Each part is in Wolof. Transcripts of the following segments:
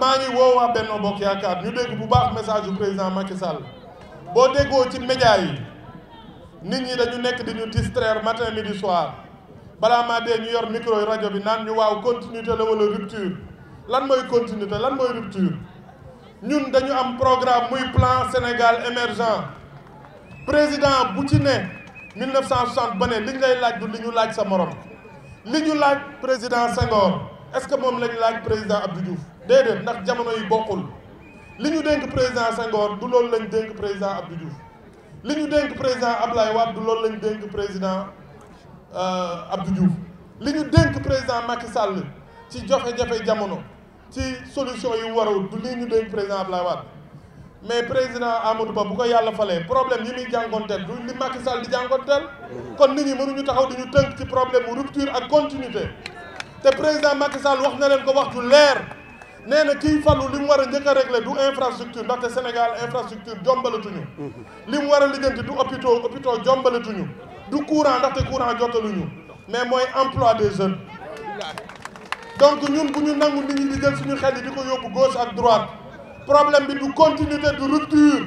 maa ngi woo waa Benno Bokk Yaakaar ñu dégg bu baax message du président Macky Sall boo déggoo ci média yi nit ñi dañu nekk di ñu distraire matin midi soir balaa maa dee ñu yor micro rajo bi naan ñu waaw continuité la wala rupture lan mooy continuité lan mooy rupture ñun dañu am programme muy plan Sénégal émergent président bu ci ne 1960 ba ne li ñu laaj du li ñu laaj sa morom li ñu laaj président Senghor. est-ce que moom lañ président Abdou Diouf déedéet ndax jamono yi bokkul li ñu dénk président Senghor du loolu lañ dénk président Abdou Diouf li ñu dénk président Ablaye Wade du loolu lañ dénk président euh, Abdou Diouf li ñu dénk président Macky Sall ci jafe-jafe jamono ci solution yu warul du lii ñu dénk président Ablaye Wade mais président Amadou Ba bu ko yàlla Le problème yi muy jànkonteel du li Macky Sall di jànkonteel mm-hmm. kon nit ñi mënuñu taxaw di ñu tënk ci problème rupture ak continuité le président Macky Sall wax na leen ko wax ju leer nee na kiy falu li mu war a a du infrastructure ndaxte Sénégal infrastructure jombalatuñu li mu war a lijjanti du hôpitaux hôpitaux jombalatuñu du courant ndaxte courant jotaluñu mais mooy emploi des jeunes donc ñun bu ñu nangu nit ñi di jël suñu xel di ko yóbbu gauche ak droite problème bi du continuité du rupture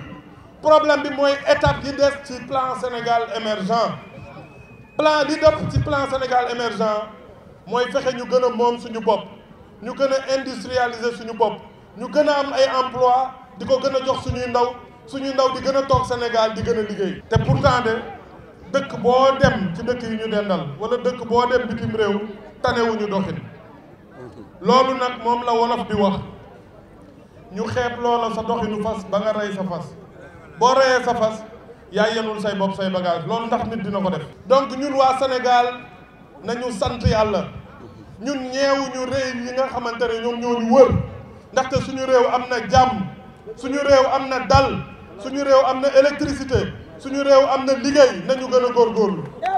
problème bi l'étape étape yi des ci plan Sénégal émergent plan di ci plan Sénégal émergent moy fexé ñu gëna a suñu nous ñu industrialiser suñu bop ñu gëna am ay emploi diko gëna jox suñu ndaw suñu ndaw di Sénégal di gëna liggéey té pourtant de dëkk nous dem ci dëkk yi ñu dendal wala dëkk nous dem bitim réew wuñu loolu nak Nous la wolof di wax ñu sa doxinu fas ba nga sa fas sa fas say say bagage donc ñun wa Sénégal nañu sant yàlla ñun ñeewuñu réew yi nga xamante ne ñoom ñoo ñu wër ndaxte suñu réew am na jàmm suñu réew am na dal suñu réew am na électricité suñu réew am na liggéey nañu gën a góorgóorlu